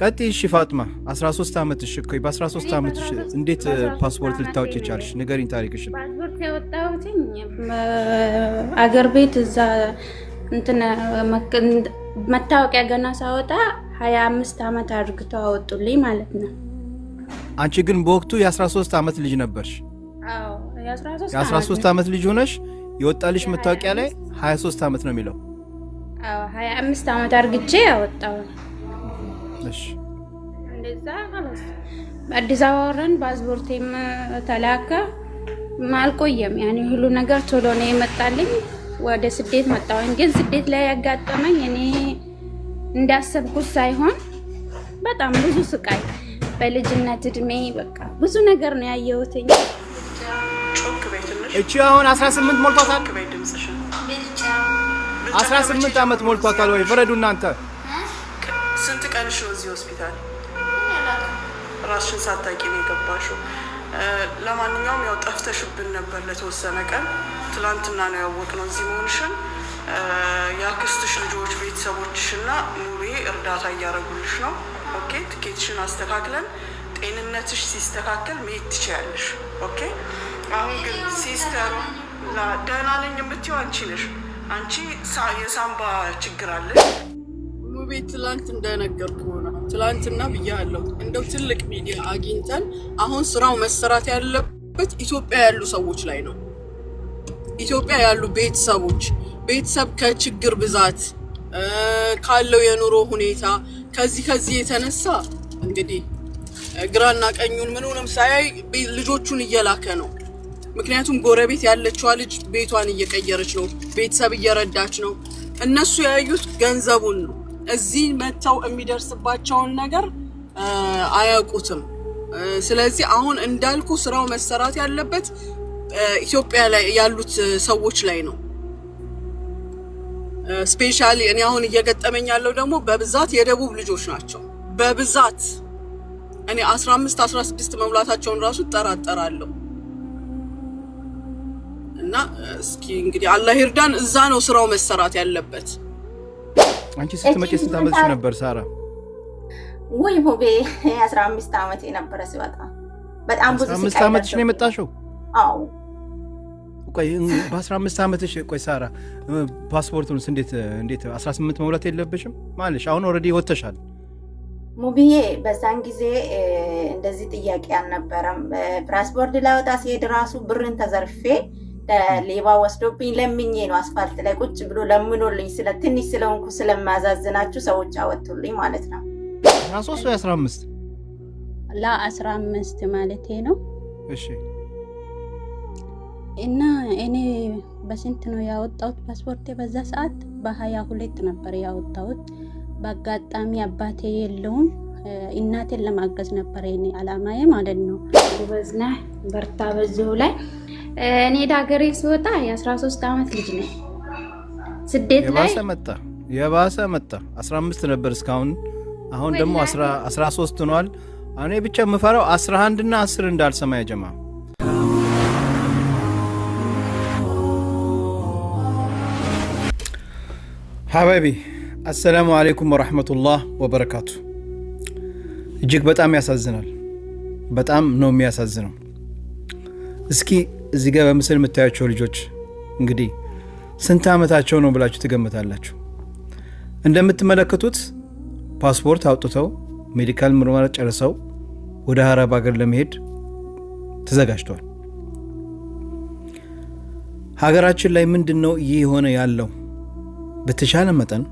ቀጥይ እሺ ፋጥማ 13 ዓመት እሺ ኮይ በ13 ዓመት እንዴት ፓስፖርት ልታወጪ ቻልሽ? ንገሪኝ ታሪክሽን። ፓስፖርት ያወጣሁትኝ አገር ቤት እዛ እንትን መታወቂያ ገና ሳወጣ 25 ዓመት አድርግተው አወጡልኝ ማለት ነው። አንቺ ግን በወቅቱ የ13 ዓመት ልጅ ነበርሽ። የ13 ዓመት ልጅ ሆነሽ የወጣልሽ መታወቂያ ላይ 23 ዓመት ነው የሚለው። 25 ዓመት አድርግቼ ያወጣው ተመለሰሽ? እንደዛ ኸላስ በአዲስ አበባ ወረን ፓስፖርቴም ተላከ። አልቆየም ያኔ ሁሉ ነገር ቶሎ ነው የመጣልኝ። ወደ ስደት መጣሁኝ። ግን ስደት ላይ ያጋጠመኝ እኔ እንዳሰብኩት ሳይሆን በጣም ብዙ ስቃይ በልጅነት እድሜ በቃ ብዙ ነገር ነው ያየሁትኝ። እቺ አሁን 18 ሞልቷታል። 18 ዓመት ሞልቷታል ወይ? ፍረዱ እናንተ ስንት ቀንሽ ነው እዚህ ሆስፒታል ራስሽን ሳታቂ ነው የገባሽው? ለማንኛውም ያው ጠፍተሽብን ነበር ለተወሰነ ቀን። ትላንትና ነው ያወቅነው እዚህ መሆንሽን። የአክስትሽ ልጆች ቤተሰቦችሽና ኑሬ እርዳታ እያደረጉልሽ ነው። ኦኬ ትኬትሽን አስተካክለን ጤንነትሽ ሲስተካከል መሄድ ትችያለሽ። ኦኬ አሁን ግን ሲስተሩ ደህና ነኝ የምትይው አንቺ ነሽ። አንቺ የሳምባ ችግር አለሽ። ቤት ትላንት እንደነገርኩ ሆነ ትላንትና ብያለሁ። እንደው ትልቅ ሚዲያ አግኝተን አሁን ስራው መሰራት ያለበት ኢትዮጵያ ያሉ ሰዎች ላይ ነው። ኢትዮጵያ ያሉ ቤተሰቦች ቤተሰብ ከችግር ብዛት ካለው የኑሮ ሁኔታ ከዚህ ከዚህ የተነሳ እንግዲህ ግራና ቀኙን ምንንም ሳያይ ልጆቹን እየላከ ነው። ምክንያቱም ጎረቤት ያለችዋ ልጅ ቤቷን እየቀየረች ነው፣ ቤተሰብ እየረዳች ነው። እነሱ ያዩት ገንዘቡን ነው። እዚህ መጥተው የሚደርስባቸውን ነገር አያውቁትም። ስለዚህ አሁን እንዳልኩ ስራው መሰራት ያለበት ኢትዮጵያ ላይ ያሉት ሰዎች ላይ ነው። ስፔሻሊ እኔ አሁን እየገጠመኝ ያለው ደግሞ በብዛት የደቡብ ልጆች ናቸው። በብዛት እኔ 15 16 መሙላታቸውን ራሱ እጠራጠራለሁ። እና እስኪ እንግዲህ አላህ ይርዳን። እዛ ነው ስራው መሰራት ያለበት። አንቺ ስትመጪ ስንት ዓመትሽ ነበር ሳራ? ወይ ቦቤ አስራ አምስት ዓመት የነበረ ሲወጣ በጣም ብዙ አምስት ዓመትሽ ነው የመጣሽው? አዎ። ቆይ በአስራ አምስት ዓመትሽ ቆይ ሳራ ፓስፖርቱን እንዴት እንዴት አስራ ስምንት መሙላት የለብሽም ማለሽ? አሁን ኦልሬዲ ወጥተሻል። ሙቢዬ። በዛን ጊዜ እንደዚህ ጥያቄ አልነበረም። ፓስፖርት ላወጣ ሲሄድ ራሱ ብርን ተዘርፌ ለሌባ ወስዶብኝ ለምኜ ነው አስፋልት ላይ ቁጭ ብሎ ለምኖልኝ ስለ ትንሽ ስለሆንኩ ስለማያዛዝናችሁ ሰዎች አወጡልኝ ማለት ነው። ሶስት ወይ አስራ አምስት ላ አስራ አምስት ማለቴ ነው። እሺ እና እኔ በስንት ነው ያወጣሁት ፓስፖርቴ? በዛ ሰዓት በሀያ ሁለት ነበር ያወጣሁት። በአጋጣሚ አባቴ የለውም እናቴን ለማገዝ ነበር የእኔ አላማዬ ማለት ነው። ጎበዝ ነህ፣ በርታ በዚሁ ላይ እኔ ዳገሬ ስወጣ የ13 ዓመት ልጅ ነኝ። ስደት ላይ መጣ የባሰ መጣ። 15 ነበር እስካሁን፣ አሁን ደግሞ 13 ሆኗል። እኔ ብቻ የምፈራው 11 እና 10 እንዳልሰማ ያጀማ ሀበቢ አሰላሙ አሌይኩም ወረህመቱላህ ወበረካቱ። እጅግ በጣም ያሳዝናል። በጣም ነው የሚያሳዝነው። እስኪ እዚህ ጋር በምስል የምታያቸው ልጆች እንግዲህ ስንት ዓመታቸው ነው ብላችሁ ትገምታላችሁ? እንደምትመለከቱት ፓስፖርት አውጥተው ሜዲካል ምርመራ ጨርሰው ወደ አረብ ሀገር ለመሄድ ተዘጋጅተዋል። ሀገራችን ላይ ምንድን ነው ይህ የሆነ ያለው? በተሻለ መጠን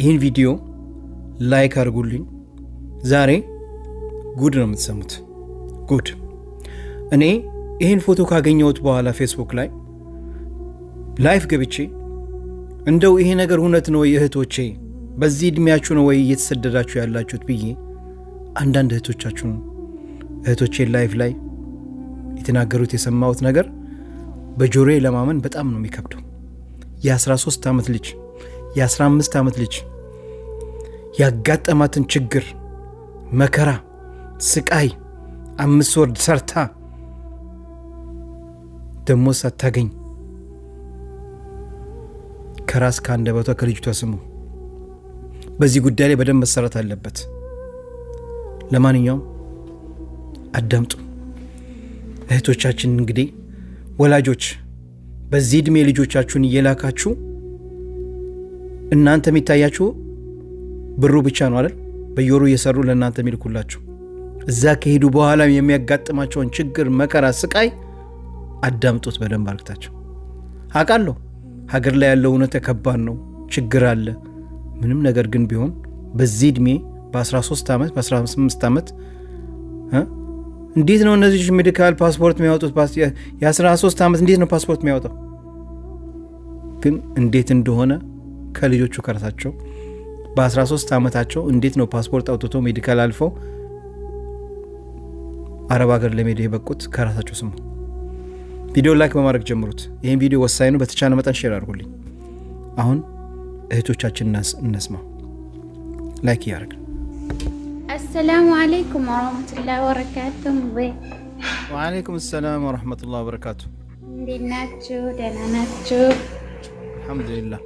ይህን ቪዲዮ ላይክ አድርጉልኝ። ዛሬ ጉድ ነው የምትሰሙት። ጉድ እኔ ይህን ፎቶ ካገኘሁት በኋላ ፌስቡክ ላይ ላይፍ ገብቼ እንደው ይሄ ነገር እውነት ነው ወይ እህቶቼ፣ በዚህ እድሜያችሁ ነው ወይ እየተሰደዳችሁ ያላችሁት ብዬ አንዳንድ እህቶቻችሁን እህቶቼን ላይፍ ላይ የተናገሩት የሰማሁት ነገር በጆሮዬ ለማመን በጣም ነው የሚከብደው። የ13 ዓመት ልጅ የ15 ዓመት ልጅ ያጋጠማትን ችግር፣ መከራ፣ ስቃይ አምስት ወርድ ሰርታ ደሞዝ ሳታገኝ ከራስ ከአንደበቷ ከልጅቷ ስሙ። በዚህ ጉዳይ ላይ በደንብ መሰራት አለበት። ለማንኛውም አዳምጡ እህቶቻችን። እንግዲህ ወላጆች በዚህ ዕድሜ ልጆቻችሁን እየላካችሁ እናንተ የሚታያችሁ ብሩ ብቻ ነው አይደል? በየወሩ እየሰሩ ለእናንተ የሚልኩላችሁ እዛ ከሄዱ በኋላ የሚያጋጥማቸውን ችግር፣ መከራ፣ ስቃይ አዳምጡት በደንብ አርግታቸው። አውቃለሁ ሀገር ላይ ያለው እውነት ከባድ ነው፣ ችግር አለ። ምንም ነገር ግን ቢሆን በዚህ ዕድሜ በ13 ዓመት በ18 ዓመት እንዴት ነው እነዚህ ሜዲካል ፓስፖርት የሚያወጡት? የ13 ዓመት እንዴት ነው ፓስፖርት የሚያወጣው? ግን እንዴት እንደሆነ ከልጆቹ ከራሳቸው በ13 ዓመታቸው እንዴት ነው ፓስፖርት አውጥቶ ሜዲካል አልፈው አረብ ሀገር ለመሄድ የበቁት ከራሳቸው ስሙ ቪዲዮ ላይክ በማድረግ ጀምሩት። ይህን ቪዲዮ ወሳኝ ነው። በተቻለ መጠን ሼር አድርጉልኝ። አሁን እህቶቻችን እነስማ ላይክ እያደረግ አሰላሙ አለይኩም ወረህመቱላ ወበረካቱ። ወአለይኩም ሰላም ወረህመቱላ ወበረካቱ። እንዴት ናችሁ? ደህና ናችሁ? አልሐምዱሊላ።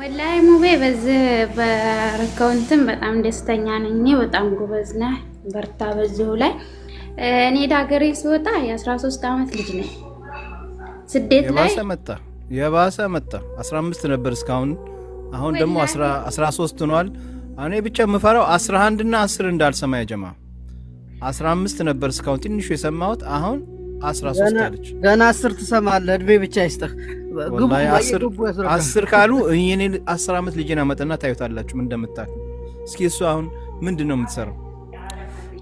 ወላይ ሙቤ በዚህ በረከውንትን በጣም ደስተኛ ነኝ። በጣም ጎበዝ ነህ። በርታ በዚሁ ላይ እኔ ዳገሬ ስወጣ የ13 ዓመት ልጅ ነኝ። ስደት ላይ መጣ የባሰ መጣ። 15 ነበር እስካሁን፣ አሁን ደግሞ 13 ሆኗል። እኔ ብቻ የምፈራው 11 እና 10 እንዳልሰማ ያጀማ 15 ነበር እስካሁን ትንሹ የሰማሁት አሁን 13 አለች። ገና 10 ትሰማለህ። እድሜ ብቻ ይስጥህ። አስር ካሉ እኔ 10 ዓመት ልጅን አመጣና ታዩታላችሁ ምን እንደምታል። እስኪ እሱ አሁን ምንድን ነው የምትሰራው?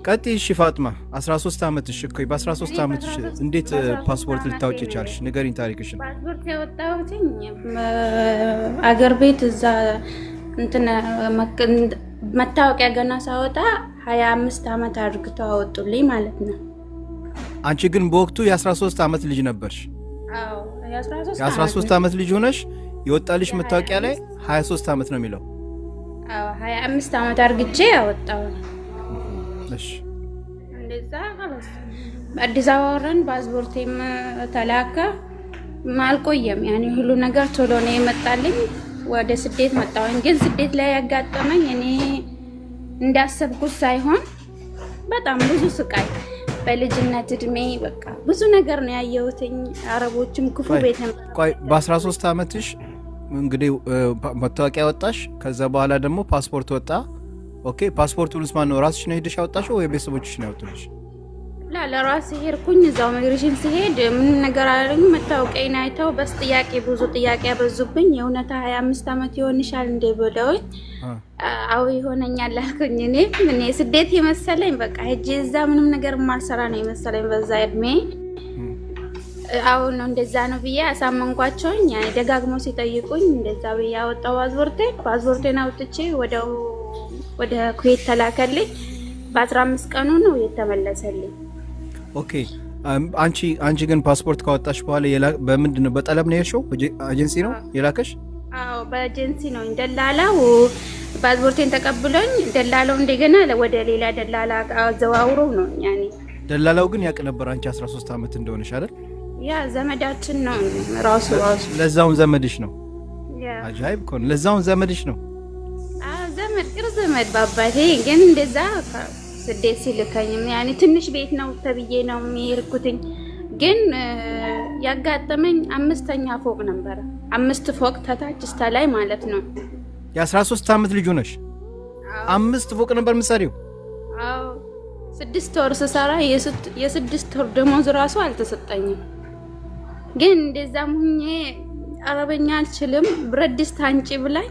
ቀጥ እሺ ፋጥማ 13 ዓመት እሺ እኮ በ13 ዓመት እሺ እንዴት ፓስፖርት ልታወጭ ቻልሽ? ንገሪኝ ታሪክሽን። ፓስፖርት ያወጣሁትኝ አገር ቤት እዛ እንትን መታወቂያ ገና ሳወጣ 25 ዓመት አድርግተው አወጡልኝ ማለት ነው። አንቺ ግን በወቅቱ የ13 ዓመት ልጅ ነበርሽ። የ13 ዓመት ልጅ ሆነሽ የወጣልሽ መታወቂያ ላይ 23 ዓመት ነው የሚለው። 25 ዓመት አድርግቼ ያወጣው እንደዛ አዲስ አበባ ወረን ፓስፖርቴም ተላከ። አልቆየም ያኔ ሁሉ ነገር ቶሎ ነው የመጣልኝ። ወደ ስደት መጣሁኝ። ግን ስደት ላይ ያጋጠመኝ እኔ እንዳሰብኩት ሳይሆን በጣም ብዙ ስቃይ በልጅነት እድሜ በቃ ብዙ ነገር ነው ያየሁትኝ። አረቦችም ክፉ ቤት በ13 ዓመትሽ እንግዲህ መታወቂያ ወጣሽ። ከዛ በኋላ ደግሞ ፓስፖርት ወጣ። ኦኬ ፓስፖርቱንስ ማን ነው ራስሽ ነው ሄደሽ ያወጣሽው ወይ ቤተሰቦችሽ ነው ያወጡልሽ? ላ ለራሴ ሄድኩኝ። እዛው ኢሚግሬሽን ሲሄድ ምንም ነገር አላለኝም። መታወቂያዬን አይተው በስ ጥያቄ ብዙ ጥያቄ ያበዙብኝ። የእውነታ ሀያ አምስት ዓመት ይሆንሻል እንደ ብለውኝ፣ አዎ ይሆነኛል አልኩኝ። እኔ እኔ ስደት የመሰለኝ በቃ ሄጄ እዛ ምንም ነገር ማልሰራ ነው የመሰለኝ በዛ እድሜ አሁን ነው እንደዛ ነው ብዬ አሳመንኳቸውኝ። ደጋግሞ ሲጠይቁኝ እንደዛ ብዬ አወጣው ፓስፖርቴን። ፓስፖርቴን አውጥቼ ወደው ወደ ኩዌት ተላከልኝ። በአስራ አምስት ቀኑ ነው የተመለሰልኝ። ኦኬ አንቺ አንቺ ግን ፓስፖርት ካወጣሽ በኋላ በምንድን ነው በጠለብ ነው የሄድሽው? ኤጀንሲ ነው የላከሽ? አዎ በኤጀንሲ ነው። ደላላው ፓስፖርቴን ተቀብሎኝ ደላላው እንደገና ወደ ሌላ ደላላ አዘዋውሮ ነው ያኔ። ደላላው ግን ያውቅ ነበር አንቺ 13 ዓመት እንደሆነሽ አይደል? ያ ዘመዳችን ነው ራሱ ራሱ። ለዛውን ዘመድሽ ነው። አጃይብ እኮ ነው። ለዛውን ዘመድሽ ነው። አህመድ ባባቴ ግን እንደዛ ስደት ሲልከኝም ያኔ ትንሽ ቤት ነው ተብዬ ነው የሚርኩትኝ። ግን ያጋጠመኝ አምስተኛ ፎቅ ነበረ። አምስት ፎቅ ተታች እስታ ላይ ማለት ነው። የ13 ዓመት ልጁ ነሽ? አምስት ፎቅ ነበር ምሳሌው? አዎ። ስድስት ወር ስሰራ የስድስት ወር ደሞዝ ራሱ አልተሰጠኝም። ግን እንደዛም ሁኜ አረበኛ አልችልም ብረት ድስት አንጪ ብላኝ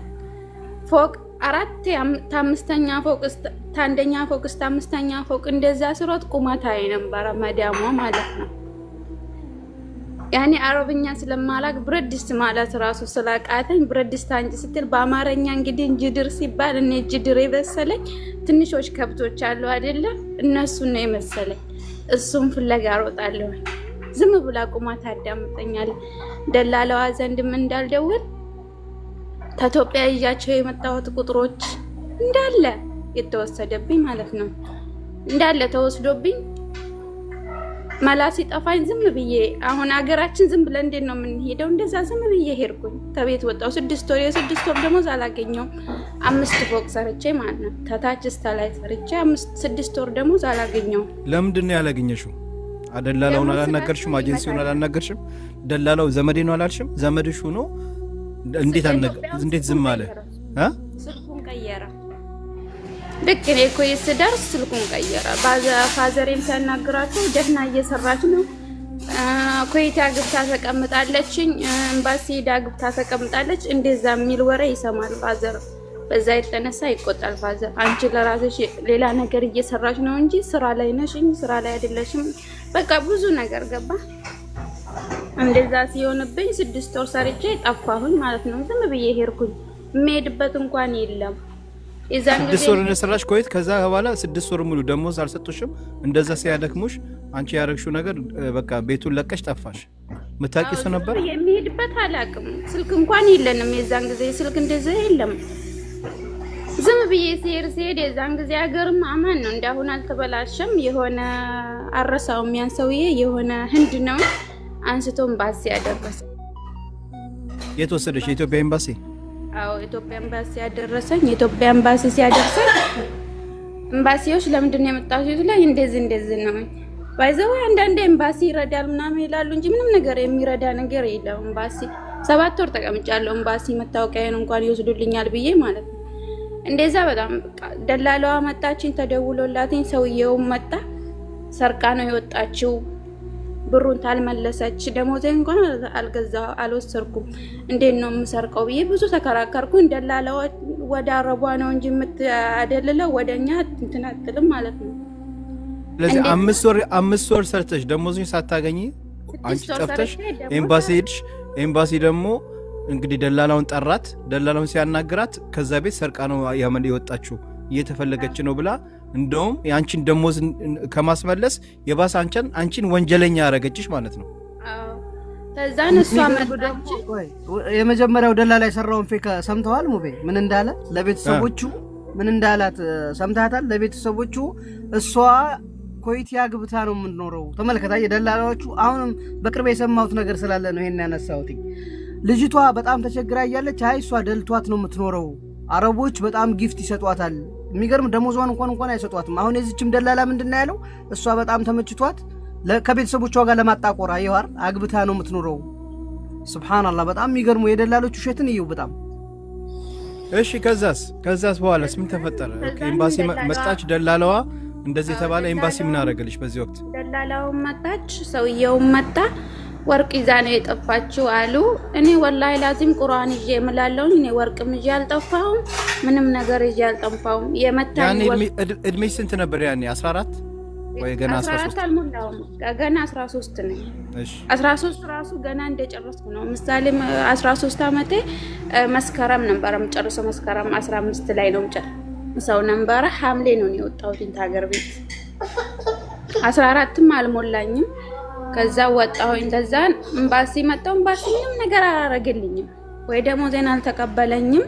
ፎቅ አራት ታምስተኛ ፎቅ ታንደኛ ፎቅ እስከ አምስተኛ ፎቅ እንደዛ ስሮት ቁማታ አይ ነበረ መዳሟ ማለት ነው። ያኔ አረብኛ ስለማላቅ ብረት ድስት ማለት ራሱ ስላቃተኝ ብረት ድስት አንጭ ስትል በአማርኛ እንግዲህ እንጅድር ሲባል እኔ እጅድር የመሰለኝ ትንሾች ከብቶች አሉ አይደለም እነሱ ነው የመሰለኝ። እሱም ፍለጋ ሮጣለሁ። ዝም ብላ ቁማ ታዳምጠኛለች። ደላለዋ ዘንድም እንዳልደውል ከኢትዮጵያ ይዣቸው የመጣሁት ቁጥሮች እንዳለ የተወሰደብኝ ማለት ነው። እንዳለ ተወስዶብኝ መላ ሲጠፋኝ ዝም ብዬ አሁን ሀገራችን ዝም ብለን እንዴት ነው የምንሄደው? እንደዛ ዝም ብዬ ሄድኩኝ። ከቤት ወጣሁ ስድስት ወር፣ የስድስት ወር ደሞዝ አላገኘሁም። አምስት ፎቅ ሰርቼ ማለት ነው ከታች እስከ ላይ ሰርቼ ስድስት ወር ደሞዝ አላገኘሁም። ለምንድን ነው ያላገኘሽው? አደላላውን አላናገርሽም? አጀንሲውን አላናገርሽም? ደላላው ዘመዴ ነው አላልሽም? ዘመድሽ ነው እንዴት ዝም አለ? ስልኩን ቀየረ። ልክ እኔ እኮ የስደርስ ስልኩን ቀየረ። ፋዘሬም ሲያናግራቸው ደህና እየሰራች ነው ኮይታ ግብታ ተቀምጣለችኝ፣ ኤምባሲ ሄዳ ግብታ ተቀምጣለች፣ እንደዛ የሚል ወሬ ይሰማል ፋዘር። በዛ የተነሳ ይቆጣል ፋዘር። አንቺ ለራስሽ ሌላ ነገር እየሰራች ነው እንጂ ስራ ላይ ነሽኝ፣ ስራ ላይ አይደለሽም። በቃ ብዙ ነገር ገባ እንደዛ ሲሆንብኝ ስድስት ወር ሰርቼ ጠፋሁኝ ማለት ነው። ዝም ብዬ ሄድኩኝ። የምሄድበት እንኳን የለም። ስድስት ወር እንደሰራሽ ቆይት። ከዛ በኋላ ስድስት ወር ሙሉ ደሞዝ አልሰጡሽም። እንደዛ ሲያደክሙሽ አንቺ ያደረግሽው ነገር በቃ ቤቱን ለቀሽ ጠፋሽ። ምታቂ ሰው ነበር የሚሄድበት አላቅም። ስልክ እንኳን የለንም። የዛን ጊዜ ስልክ እንደዛ የለም። ዝም ብዬ ሲሄድ ሲሄድ የዛን ጊዜ ሀገርም አማን ነው፣ እንዳሁን አልተበላሸም። የሆነ አረሳው የሚያን ሰውዬ የሆነ ህንድ ነው አንስቶ ኤምባሲ ያደረሰ የተወሰደች የኢትዮጵያ ኤምባሲ። አዎ ኢትዮጵያ ኤምባሲ ያደረሰኝ። የኢትዮጵያ ኤምባሲ ሲያደርሰኝ ኤምባሲዎች ለምንድን ነው የመጣሁት? ላይ እንደዚህ እንደዚህ ነው ባይዘው። አንዳንዴ ኤምባሲ ይረዳል ምናምን ይላሉ እንጂ ምንም ነገር የሚረዳ ነገር የለም። ኤምባሲ ሰባት ወር ተቀምጫለሁ። ኤምባሲ መታወቂያን እንኳን ይወስዱልኛል ብዬ ማለት ነው። እንደዛ በጣም ደላለዋ መጣችኝ፣ ተደውሎላትኝ ሰውየውም መጣ ሰርቃ ነው የወጣችው ብሩን ታልመለሰች ደሞዜ እንኳን አልገዛ አልወሰርኩም፣ እንዴት ነው የምሰርቀው ብዬ ብዙ ተከራከርኩ። ደላላው ወደ አረቧ ነው እንጂ የምታደልለው ወደ እኛ እንትን አትልም ማለት ነው። ስለዚህ አምስት ወር አምስት ወር ሰርተሽ ደሞዝሽን ሳታገኝ አንቺ ጠፍተሽ ኤምባሲ ሄድሽ። ኤምባሲ ደግሞ እንግዲህ ደላላውን ጠራት። ደላላውን ሲያናግራት ከዛ ቤት ሰርቃ ነው የወጣችው እየተፈለገች ነው ብላ እንደውም የአንቺን ደሞዝ ከማስመለስ የባስ አንቺን አንቺን ወንጀለኛ ያረገችሽ ማለት ነው። ከዛን እሷ መጣች። የመጀመሪያው ደላላ የሰራውን ፌክ ሰምተዋል። ሙቤ ምን እንዳለ ለቤተሰቦቹ ምን እንዳላት ሰምታታል። ለቤተሰቦቹ እሷ ኮይቲያ ግብታ ነው የምንኖረው። ተመልከታ የደላላዎቹ አሁንም በቅርብ የሰማሁት ነገር ስላለ ነው ይሄን ያነሳውት ልጅቷ በጣም ተቸግራ እያለች አይ እሷ ደልቷት ነው የምትኖረው። አረቦች በጣም ጊፍት ይሰጧታል የሚገርም ደሞዟን እንኳን እንኳን አይሰጧትም። አሁን የዚችም ደላላ ምንድን ነው ያለው? እሷ በጣም ተመችቷት ከቤተሰቦቿ ጋር ለማጣቆር ይዋር አግብታ ነው የምትኖረው። ስብሓንላህ በጣም የሚገርሙ የደላሎች ውሸትን እየው በጣም እሺ። ከዛስ ከዛስ በኋላስ ምን ተፈጠረ? ኤምባሲ መጣች ደላለዋ እንደዚህ የተባለ ኤምባሲ ምን አደረገልሽ? በዚህ ወቅት ደላላውም መጣች፣ ሰውየውም መጣ ወርቅ ይዛ ነው የጠፋችው አሉ። እኔ ወላሂ ላዚም ቁርአን ይዤ የምላለውኝ እኔ ወርቅም ይዤ አልጠፋሁም፣ ምንም ነገር ይዤ አልጠፋሁም። የመታኝ እድሜ ስንት ነበር ያኔ? 14 ወይ ገና 13 አልሞላውም። ገና 13 ነኝ። እሺ 13 ራሱ ገና እንደጨረስኩ ነው። ምሳሌ 13 አመቴ መስከረም ነበር የምጨርሰው። መስከረም 15 ላይ ነው ሰው ነበረ። ሐምሌ ነው የወጣሁት ሀገር ቤት 14ም አልሞላኝም ከዛ ወጣሁኝ። ከዛን እምባሲ መጣሁ። እምባሲ ምንም ነገር አላረገልኝም ወይ ደግሞ ዜና አልተቀበለኝም።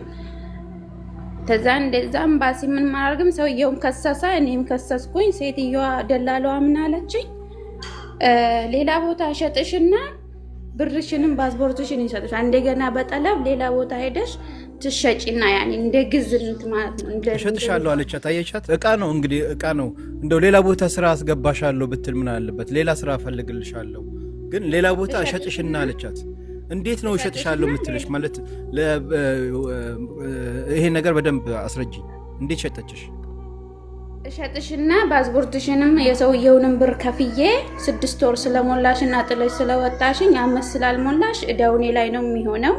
ከዛ እንደዛ እምባሲ ምን ማድረግም ሰውየውም ከሰሳ፣ እኔም ከሰስኩኝ። ሴትዮዋ ደላለዋ ምን አለችኝ? ሌላ ቦታ ሸጥሽና ብርሽንም ፓስፖርትሽን ይሰጥሻል። እንደገና በጠለብ ሌላ ቦታ ሄደሽ ትሸጪና ያኔ እንደ ግዝንት ማለት ነው። ሸጥሻለሁ አለቻት። አየቻት። እቃ ነው እንግዲህ እቃ ነው እንደው ሌላ ቦታ ስራ አስገባሻለሁ ብትል ምን አለበት? ሌላ ስራ እፈልግልሻለሁ፣ ግን ሌላ ቦታ እሸጥሽና አለቻት። እንዴት ነው እሸጥሻለሁ የምትልሽ? ማለት ይሄ ነገር በደንብ አስረጂ። እንዴት ሸጠችሽ? እሸጥሽና ፓስፖርትሽንም የሰውየውንም ብር ከፍዬ ስድስት ወር ስለሞላሽና ጥለሽ ስለወጣሽኝ አመት ስላልሞላሽ እዳውኔ ላይ ነው የሚሆነው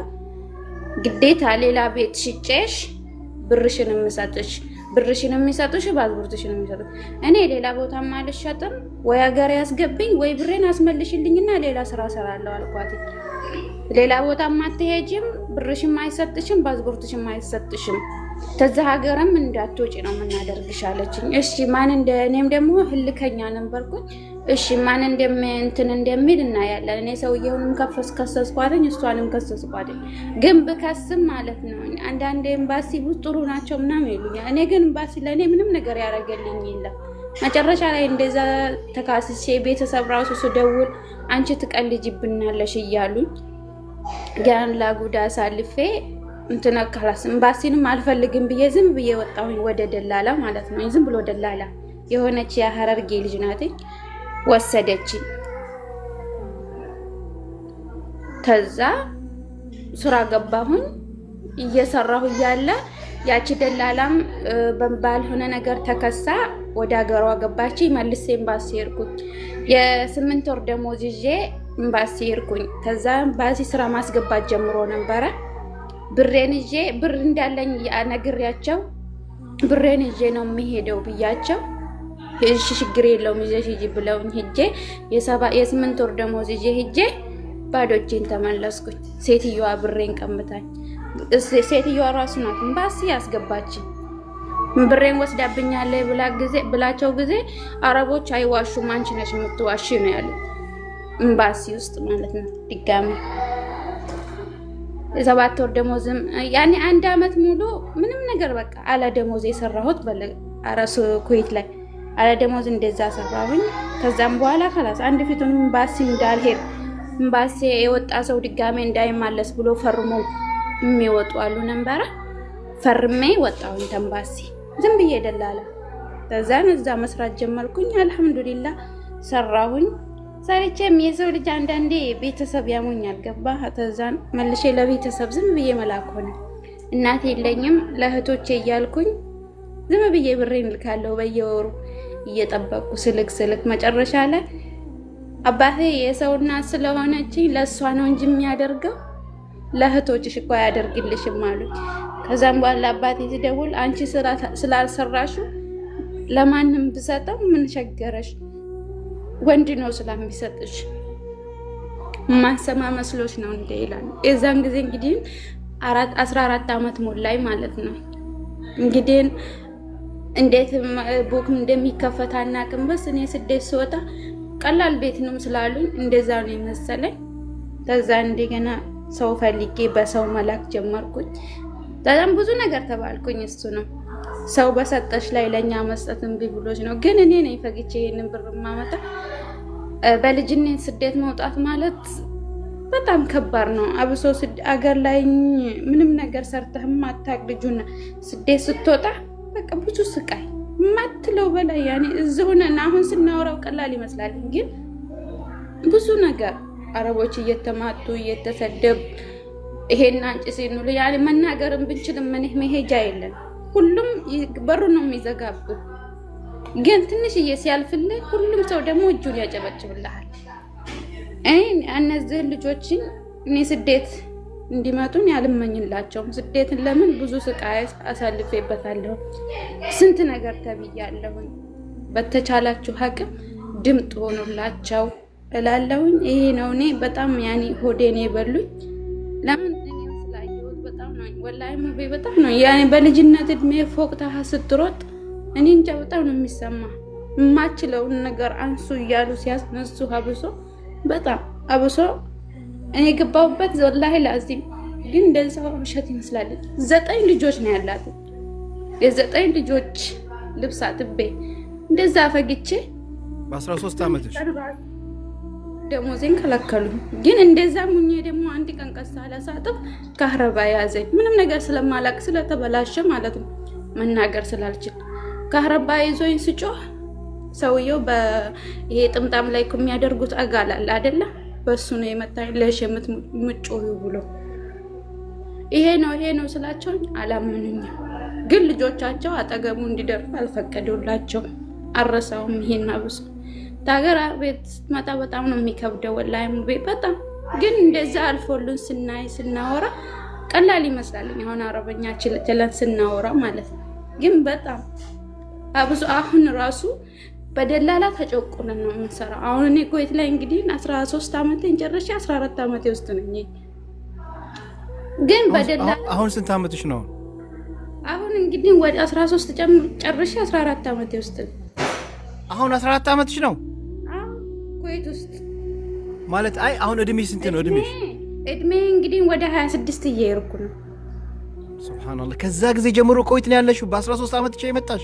ግዴታ ሌላ ቤት ሽጬሽ ብርሽን የምሰጥሽ ብርሽን የሚሰጡሽ ባዝቡርትሽን የሚሰጡሽ። እኔ ሌላ ቦታ አልሸጥም፣ ወይ ሀገር ያስገብኝ ወይ ብሬን አስመልሽልኝና ሌላ ስራ እሰራለሁ አልኳት። ሌላ ቦታ አትሄጂም፣ ብርሽም አይሰጥሽም፣ ባዝቡርትሽም አይሰጥሽም፣ ከዛ ሀገርም እንዳትወጪ ነው የምናደርግሽ አለችኝ። እሺ ማን እንደ እኔም ደግሞ ህልከኛ ነበርኩኝ። እሺ ማን እንደም እንትን እንደሚል እናያለን። እኔ ሰውየውንም ከፈስ ከሰስኳትኝ እሷንም ከሰስኳትኝ። ግን ብከስም ማለት ነው አንዳንድ ኤምባሲ ውስጥ ጥሩ ናቸው ምናምን ይሉኛል። እኔ ግን ኤምባሲ ለእኔ ምንም ነገር ያደረገልኝ የለም። መጨረሻ ላይ እንደዛ ተካስቼ ቤተሰብ ራሱ ስደውል አንቺ ትቀልጅብናለሽ እያሉኝ ያን ላጉዳ አሳልፌ እንትን ካላስ ኤምባሲንም አልፈልግም ብዬ ዝም ብዬ ወጣሁኝ ወደ ደላላ ማለት ነው። ዝም ብሎ ደላላ የሆነች የሀረርጌ ልጅ ናትኝ ወሰደችኝ። ከዛ ስራ ገባሁኝ። እየሰራሁ እያለ ያቺ ደላላም ባልሆነ ነገር ተከሳ ወደ ሀገሯ ገባች። መልሴ ኤምባሲ ሄድኩኝ። የስምንት ወር ደሞዝ ይዤ ኤምባሲ ሄድኩኝ። ከዛ ኤምባሲ ስራ ማስገባት ጀምሮ ነበረ። ብሬን ይዤ ብር እንዳለኝ ነግሬያቸው ብሬን ይዤ ነው የሚሄደው ብያቸው እሺ ችግር የለውም ይዘሽ ሂጂ ብለውኝ ሂጄ የስምንት ወር ደሞዝ ይዤ ሂጄ ባዶ እጄን ተመለስኩኝ። ሴትዮዋ ብሬን ቀምታኝ፣ ሴትዮዋ ራሱ ናት እምባሲ ያስገባችኝ ብሬን ወስዳብኛለ ብላቸው ጊዜ አረቦች አይዋሹም፣ አንቺ ነሽ የምትዋሽ ነው ያሉ እምባሲ ውስጥ ማለት ነው። ድጋሚ የሰባት ወር ደሞዝም ያኔ አንድ አመት ሙሉ ምንም ነገር በቃ አለ ደሞዝ የሰራሁት በለ አረሱ ኩዌት ላይ አለ ደሞዝ እንደዛ ሰራሁኝ። ከዛም በኋላ ከላስ አንድ ፊቱን እምባሲ እንዳልሄድ እምባሲ የወጣ ሰው ድጋሜ እንዳይማለስ ብሎ ፈርሞ የሚወጡ አሉ ነበረ። ፈርሜ ወጣሁኝ ተንባሲ ዝም ብዬ ደላላ። ከዛን እዛ መስራት ጀመርኩኝ። አልሐምዱሊላ ሰራሁኝ። ሰርቼም የሰው ልጅ አንዳንዴ ቤተሰብ ያሞኛል ገባ። ተዛን መልሼ ለቤተሰብ ዝም ብዬ መላክ ሆነ። እናት የለኝም ለእህቶቼ እያልኩኝ ዝም ብዬ ብሬን ልካለሁ በየወሩ እየጠበቁ ስልክ ስልክ መጨረሻ ላይ አባቴ የሰው እናት ስለሆነችኝ ለእሷ ነው እንጂ የሚያደርገው ለእህቶችሽ እኮ አያደርግልሽም አሉኝ። ከዛም በኋላ አባቴ ሲደውል አንቺ ስላልሰራሹ ለማንም ብሰጠው ምን ቸገረሽ? ወንድ ነው ስለሚሰጥሽ ማሰማ መስሎች ነው እንደ ይላል። የዛን ጊዜ እንግዲህ አስራ አራት አመት ሞላኝ ማለት ነው እንግዲህ እንዴት ቡክ እንደሚከፈት አናቅም። በስ እኔ ስደት ስወጣ ቀላል ቤት ነው ስላሉኝ እንደዛ ነው የመሰለኝ። ከዛ እንደገና ሰው ፈልጌ በሰው መላክ ጀመርኩኝ። በጣም ብዙ ነገር ተባልኩኝ። እሱ ነው ሰው በሰጠች ላይ ለእኛ መስጠት እምቢ ብሎች ነው። ግን እኔ ነኝ ፈግቼ ይህንን ብር ማመጣ። በልጅነት ስደት መውጣት ማለት በጣም ከባድ ነው። አብሶ አገር ላይ ምንም ነገር ሰርተህም አታቅ ልጁና ስደት ስትወጣ በቃ ብዙ ስቃይ ማትለው በላይ ያኔ እዚህ ሆነን አሁን ስናወራው ቀላል ይመስላል፣ ግን ብዙ ነገር አረቦች እየተማቱ እየተሰደቡ ይሄን አንጭ ሲኑሉ ያኔ መናገርን ብንችል ምን መሄጃ የለን። ሁሉም በሩ ነው የሚዘጋቡ። ግን ትንሽዬ ሲያልፍልህ ሁሉም ሰው ደግሞ እጁን ያጨበጭብልሃል። እነዚህን ልጆችን እኔ ስደት እንዲመጡን ያልመኝላቸውም። ስደትን ለምን ብዙ ስቃይ አሳልፌበታለሁ። ስንት ነገር ተብያለሁኝ። በተቻላችሁ አቅም ድምፅ ሆኑላቸው እላለሁኝ። ይሄ ነው እኔ በጣም ያኔ ሆዴን የበሉኝ። ለምን ወላይ በጣም ነው ሙቤ በጣም ነው ያኔ በልጅነት እድሜ ፎቅ ታሀ ስትሮጥ እኔ እንጃ በጣም ነው የሚሰማ የማችለውን ነገር አንሱ እያሉ ሲያስነሱ አብሶ በጣም አብሶ እኔ የገባሁበት ወላሂ ላዚም ግን እንደዛ ውሸት ይመስላል። ዘጠኝ ልጆች ነው ያላት። የዘጠኝ ልጆች ልብስ አጥቤ እንደዛ አፈግቼ በ13 ዓመትሽ ደሞዜን ከለከሉ። ግን እንደዛ ሙኜ ደግሞ አንድ ቀን ቀሳ አላሳጥፍ ካህረባ ያዘኝ። ምንም ነገር ስለማላቅ ስለተበላሸ ማለት ነው መናገር ስላልችል ካህረባ ይዞኝ ስጮህ ሰውየው በይሄ ጥምጣም ላይ የሚያደርጉት አጋላል አይደለም በእሱ ነው ለሽ የምትምጮ ብሎ ይሄ ነው ይሄ ነው ስላቸውኝ አላምኑኝም። ግን ልጆቻቸው አጠገቡ እንዲደርሱ አልፈቀዱላቸውም። አረሳውም ይሄን አብሶ ታገር ቤት ስትመጣ በጣም ነው የሚከብደው። ወላሂ ሙቤ በጣም ግን እንደዛ አልፎልን ስናይ ስናወራ ቀላል ይመስላልኝ። አሁን አረበኛ ችለን ስናወራ ማለት ነው። ግን በጣም አሁን ራሱ በደላላ ተጨቁነን ነው የምንሰራው። አሁን እኔ ኮይት ላይ እንግዲህ አስራ ሶስት አመቴን ጨርሼ አስራ አራት አመቴ ውስጥ ነኝ። ግን በደላላ አሁን ስንት ዓመትሽ ነው? አሁን እንግዲህ ወደ አስራ ሶስት ጨርሼ አስራ አራት አመቴ ውስጥ ነው። አሁን አስራ አራት ዓመትሽ ነው ኮይት ውስጥ ማለት? አይ አሁን እድሜ ስንት ነው እድሜ እድሜ እንግዲህ ወደ ሀያ ስድስት እየሄድኩ ነው። ሱብሃንአላህ። ከዛ ጊዜ ጀምሮ ኩዌት ነው ያለሽው? በአስራ ሶስት አመት ብቻ የመጣሽ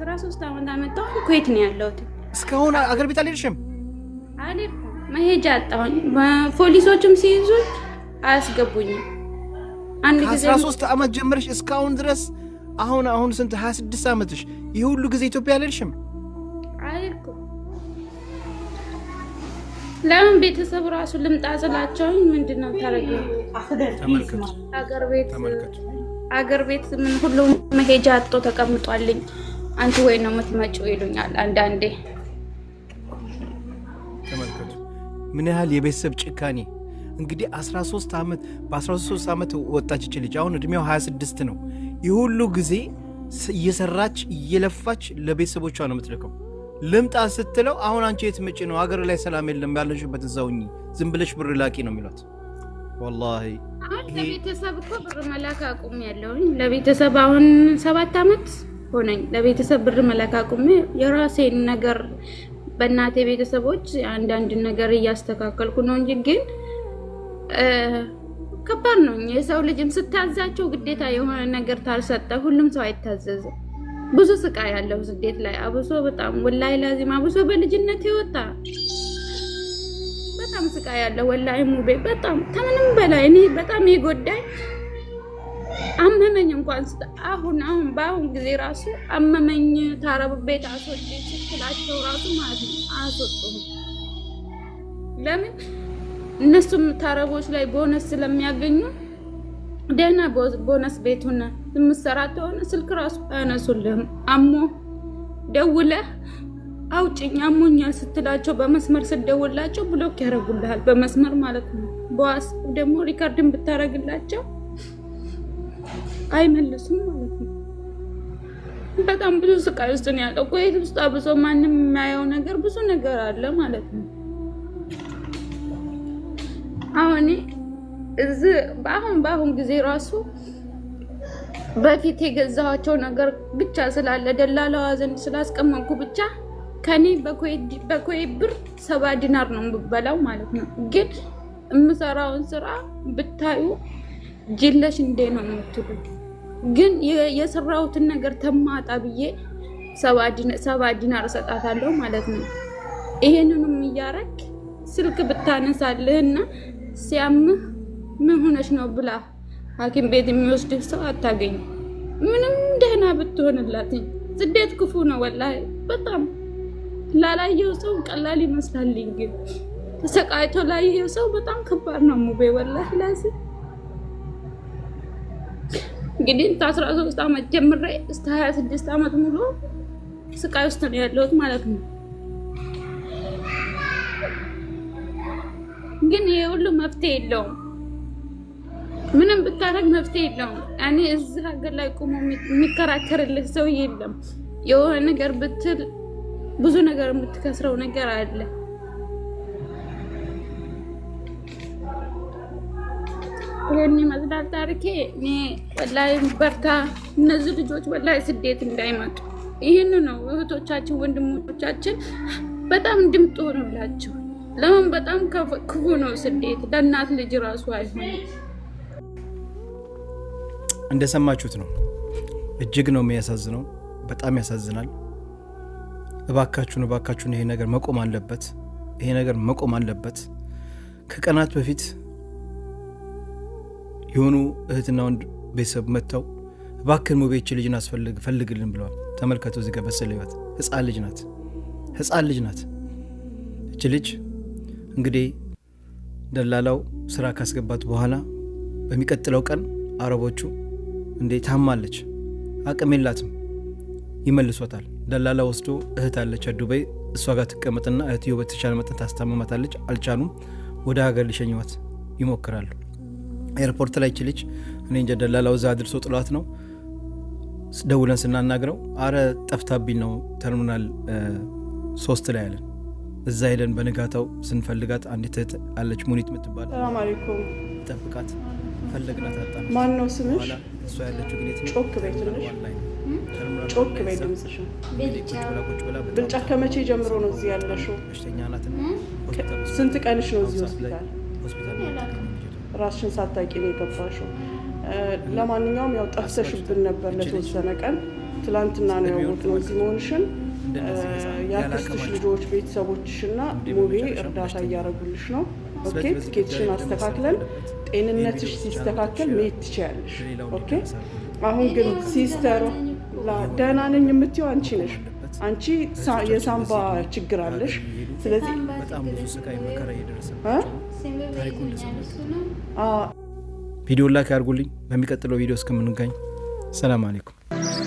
አስራ ሶስት አመት አመጣሁ። ኩዌት ነው ያለሁት። እስካሁን አገር ቤት አልሄድሽም? አልሄድኩም። መሄጃ አጣሁኝ። ፖሊሶችም ሲይዙ አያስገቡኝም። አንድ ጊዜ አስራ ሶስት አመት ጀምረሽ እስካሁን ድረስ አሁን አሁን ስንት ሀያ ስድስት አመትሽ። ይህ ሁሉ ጊዜ ኢትዮጵያ አልሄድሽም? ለምን ቤተሰብ ራሱ ልምጣ ስላቸውኝ ምንድን ነው አገር ቤት አገር ቤት ምን ሁሉም መሄጃ አጥቶ ተቀምጧልኝ። አንቺ ወይ ነው የምትመጪው ይሉኛል አንዳንዴ። ተመልከቱ ምን ያህል የቤተሰብ ጭካኔ እንግዲህ 13 ዓመት በ13 ዓመት ወጣች ይች ልጅ አሁን እድሜው 26 ነው። ይህ ሁሉ ጊዜ እየሰራች እየለፋች ለቤተሰቦቿ ነው የምትልከው። ልምጣ ስትለው አሁን አንቺ የትመጪ ነው አገር ላይ ሰላም የለም ያለሽበት እዛውኝ ዝም ብለሽ ብር ላቂ ነው የሚሏት። ወላሂ ለቤተሰብ እኮ ብር መላክ አቁም ያለውኝ ለቤተሰብ አሁን ሰባት ዓመት ሆነኝ ለቤተሰብ ብር መላክ አቁሜ የራሴን ነገር በእናቴ ቤተሰቦች አንዳንድ ነገር እያስተካከልኩ ነው እንጂ ግን ከባድ ነው። የሰው ልጅም ስታዛቸው ግዴታ የሆነ ነገር ታልሰጠ ሁሉም ሰው አይታዘዝም። ብዙ ስቃይ ያለው ስደት ላይ አብሶ በጣም ወላይ ላዚም አብሶ በልጅነት ይወጣ በጣም ስቃይ ያለው ወላይ ሙቤ በጣም ከምንም በላይ እኔ በጣም የጎዳኝ አመመኝ እንኳን ስ አሁን አሁን በአሁን ጊዜ ራሱ አመመኝ ታረብ ቤት አስወጪ ስትላቸው ራሱ ማለት ነው አስወጡም። ለምን እነሱም ታረቦች ላይ ቦነስ ስለሚያገኙ ደህና ቦነስ ቤቱን የምትሰራ ተሆነ ስልክ ራሱ አያነሱልህም። አሞ ደውለህ አውጭኝ አሞኛል ስትላቸው በመስመር ስደውላቸው ብሎክ ያደርጉልሃል። በመስመር ማለት ነው። በዋስ ደግሞ ሪከርድን ብታደርግላቸው አይመለስም ማለት ነው። በጣም ብዙ ስቃይ ውስጥ ነው ያለው። ኩዌት ውስጥ አብሶ ማንም የሚያየው ነገር ብዙ ነገር አለ ማለት ነው። አሁን እዚህ በአሁን በአሁን ጊዜ ራሱ በፊት የገዛኋቸው ነገር ብቻ ስላለ ደላላዋ ዘንድ ስላስቀመጥኩ ብቻ ከኔ በኩዌት ብር ሰባ ዲናር ነው የምበላው ማለት ነው። ግን የምሰራውን ስራ ብታዩ ጅለሽ እንዴ ነው የምትሉት። ግን የሰራሁትን ነገር ተማጣ ብዬ ሰባ ዲናር እሰጣታለሁ ማለት ነው። ይሄንንም እያረግ ስልክ ብታነሳልህና ሲያምህ ምን ሆነች ነው ብላ ሐኪም ቤት የሚወስድህ ሰው አታገኝ ምንም ደህና ብትሆንላት ስደት ክፉ ነው። ወላ በጣም ላላየው ሰው ቀላል ይመስላልኝ፣ ግን ተሰቃይቶ ላየው ሰው በጣም ከባድ ነው። ሙቤ ወላ ላዚ እንግዲህ ከአስራ ሶስት ዓመት ጀምሬ እስከ ሀያ ስድስት ዓመት ሙሉ ስቃይ ውስጥ ነው ያለሁት ማለት ነው። ግን ይሄ ሁሉ መፍትሄ የለውም። ምንም ብታደርግ መፍትሄ የለውም። እኔ እዚህ ሀገር ላይ ቆሞ የሚከራከርልህ ሰው የለም። የሆነ ነገር ብትል ብዙ ነገር የምትከስረው ነገር አለ። ይሄን ይመስላል ታሪኬ። እኔ ወላሂ በርታ፣ እነዚህ ልጆች ወላሂ ስደት እንዳይመጡ ይህን ነው እህቶቻችን፣ ወንድሞቻችን በጣም ድምጥ ሆኖላቸው። ለምን በጣም ክፉ ነው ስደት ለእናት ልጅ ራሱ አይሆንም። እንደሰማችሁት ነው። እጅግ ነው የሚያሳዝነው። በጣም ያሳዝናል። እባካችሁን እባካችሁን፣ ይሄ ነገር መቆም አለበት። ይሄ ነገር መቆም አለበት። ከቀናት በፊት የሆኑ እህትና ወንድ ቤተሰብ መጥተው እባክህን ሙቤ ልጅን አስፈልግ ፈልግልን ብለዋል። ተመልከቱ እዚህ ጋር በስዕል ህይወት ህፃን ልጅ ናት፣ ህፃን ልጅ ናት። እች ልጅ እንግዲህ ደላላው ስራ ካስገባት በኋላ በሚቀጥለው ቀን አረቦቹ እንዴ ታማለች፣ አቅም የላትም ይመልሷታል። ደላላ ወስዶ እህት አለች ዱባይ፣ እሷ ጋር ትቀመጥና እህትዮ በተቻለ መጠን ታስታመማታለች። አልቻሉም። ወደ ሀገር ሊሸኘዋት ይሞክራሉ። ኤርፖርት ላይ ች ልጅ እኔ እንጀ ደላላው እዛ አድርሶ ጥሏት ነው። ደውለን ስናናግረው አረ ጠፍታብኝ ነው ተርሚናል ሶስት ላይ ያለን። እዛ ሄደን በንጋታው ስንፈልጋት አንዲት እህት አለች ሙኒት የምትባል ጠብቃት ፈለግናት አጣን። ማነው ስምሽ? እሷ ያለችው ግን ጮክ ጮክ ብልጫ ከመቼ ጀምሮ ነው እዚህ ያለሽው? ስንት ቀንሽ ነው እዚህ ሆስፒታል ራስሽን ሳታቂ ነው የገባሽው። ለማንኛውም ያው ጠፍሰሽብን ነበር ለተወሰነ ቀን። ትላንትና ነው ያወቅነው እዚህ መሆንሽን። የአክስትሽ ልጆች ቤተሰቦችሽና ሙቤ እርዳታ እያደረጉልሽ ነው። ኦኬ ትኬትሽን አስተካክለን ጤንነትሽ ሲስተካከል መሄድ ትችያለሽ። ኦኬ አሁን ግን ሲስተር ደህና ነኝ የምትይው አንቺ ነሽ። አንቺ የሳምባ ችግር አለሽ። ስለዚህ በጣም ብዙ ስቃይ መከራ እየደረሰ ቪዲዮ ላክ ያድርጉልኝ። በሚቀጥለው ቪዲዮ እስከምንገኝ ሰላም አለይኩም።